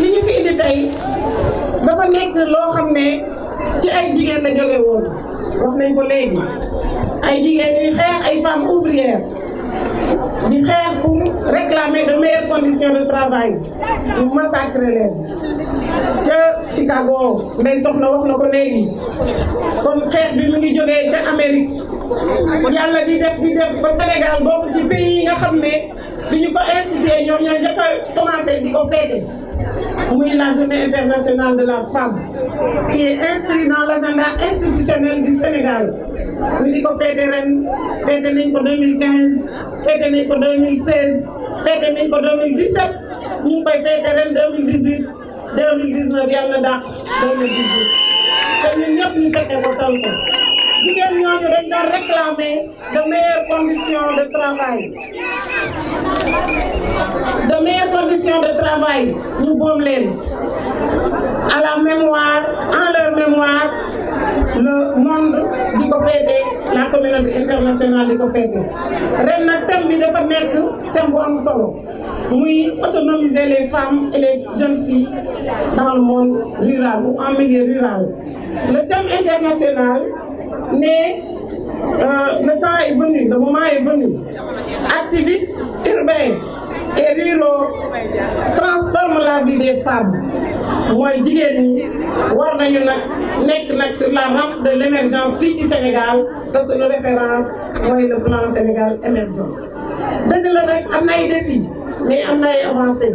li ñu fi indi dafa nekk loo xam ne ci ay jigéen la jóge woon wax nañ ko léegi ay jigéen yuy ay femmes ouvrières di faire pour réclamer de meilleures conditions de travail pour massacrer les. Chicago en Soxna wax na kon bi mu ngi Amérique di def di def ba Sénégal en ci pays yi nga nous ne incité ñoo commencé oui, la journée internationale de la femme, qui est inscrite dans l'agenda institutionnel du Sénégal. Nous avons fait des 2015 fait 2015, fait 2016, pour 2017, nous fait des en 2018, 2019, il y a 2018. Et nous qui fait des nous ñooñu dañ réclamer de meilleures conditions de travail de meilleures conditions de travail nous pouvons à la mémoire en leur mémoire le monde du ko la communauté internationale du ko Nous ren terminé thème de dafa un thème bu am solo muy autonomiser les femmes et les jeunes filles dans le monde rural ou en milieu rural le thème international mais le euh, temps est venu, le moment est venu. Activistes urbains et ruraux transforment la vie des femmes. Moi, je ñi war nañu sur la rampe de l'émergence émergence sénégal parce que te référence est le plan Sénégal émergent Donc, la mec, on des des défis mais on a avancé.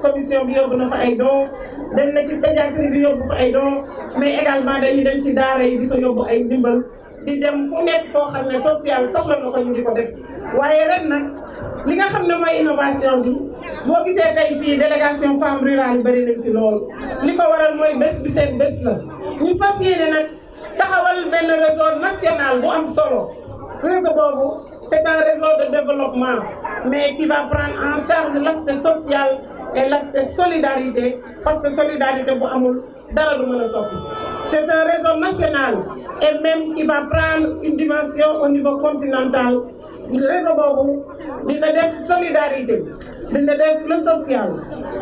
commission bi yóbbu na fa ay doo dem na ci pédiatrie bi yóbbu fa ay dons mais également dañuy dem ci daara yi di fa yóbbu ay ndimbal di dem fu nekk foo xam ne sociale soxla na ko ñu di ko def waaye ren na li nga xam ne mooy innovation bi boo gisee tey fii délégation femme rurale yi bëri nañ ci loolu li ko waral mooy bés bi seen bés la ñu fas yéene nag taxawal benn réseau nationale bu am solo réseau boobu c'est un réseau de développement mais qui va prendre en charge l'aspect et l'aspect solidarité parce que solidarité bu amul c'est un réseau national et même qui va prendre une dimension au niveau continental réseau de dina def solidarité dina def le social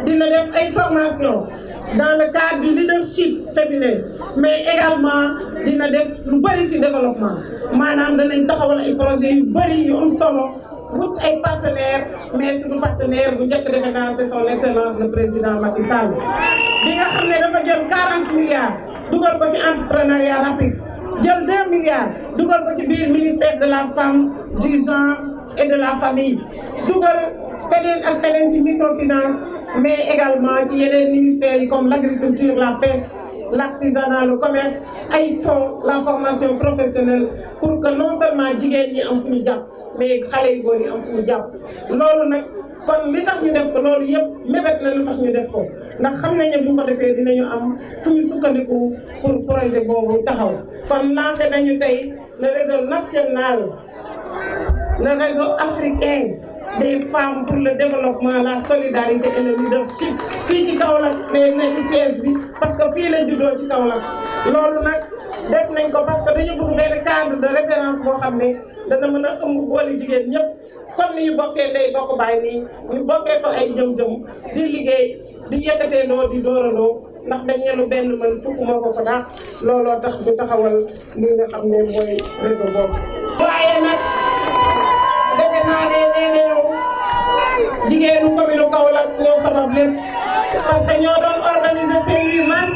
dina def dans le cadre du leadership féminin mais également dina def lu bëri ci développement Madame, de taxawal ay projet yu bëri solo wut ay partenaires mais suñu partenaire bu njëkk defe naa c'est son excellence le président Macky Sall bi nga xam dafa jël 40 milliards dugal ko ci entrepreneuriat rapide jël 2 milliards dugal ko ci biir ministère de la femme du genre et de la famille du feneen ak ci microfinance mais également ci yeneen ministères yi comme l'agriculture la pêche l'artisanat, le commerce ay font la formation professionnelle pour que non seulement les ñi am mais xalé yu yi am fu ñu lolu nak kon li ñu def ko Nous yépp na lu ñu def ko ndax xam pour projet taxaw le réseau national le réseau africain des femmes pour le la solidarité et le leadership fii ci Kaolack mais nekk siège bi parce que fii la juddoo ci Kaolack loolu nag def nañ ko parce que dañu bëgg benn cadre de référence boo xam ne dana mën a ëmb boole jigéen ñëpp comme ni ñu bokkee ndey bokk baay nii ñu bokkee ko ay jëm-jëm di liggéey di yëkkateendoo di dóorandoo ndax dañ ne lu benn mën fukk moo ko ko looloo tax ñu taxawal li nga xam ne mooy réseau boobu waaye nag defe naa jigéenu commune Kaolack ñoo sabab lépp parce que ñoo doon organiser seen 8 mars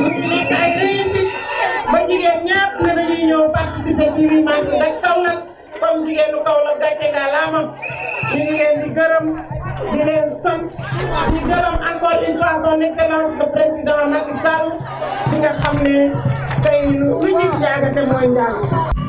ñu nekk ne dañuy ñëw participer ci 8 mars rek Kaolack jigéenu Kaolack gàcce gàllaama ñu ngi leen sant di gërëm encore une fois son excellence président Macky Sall bi nga xam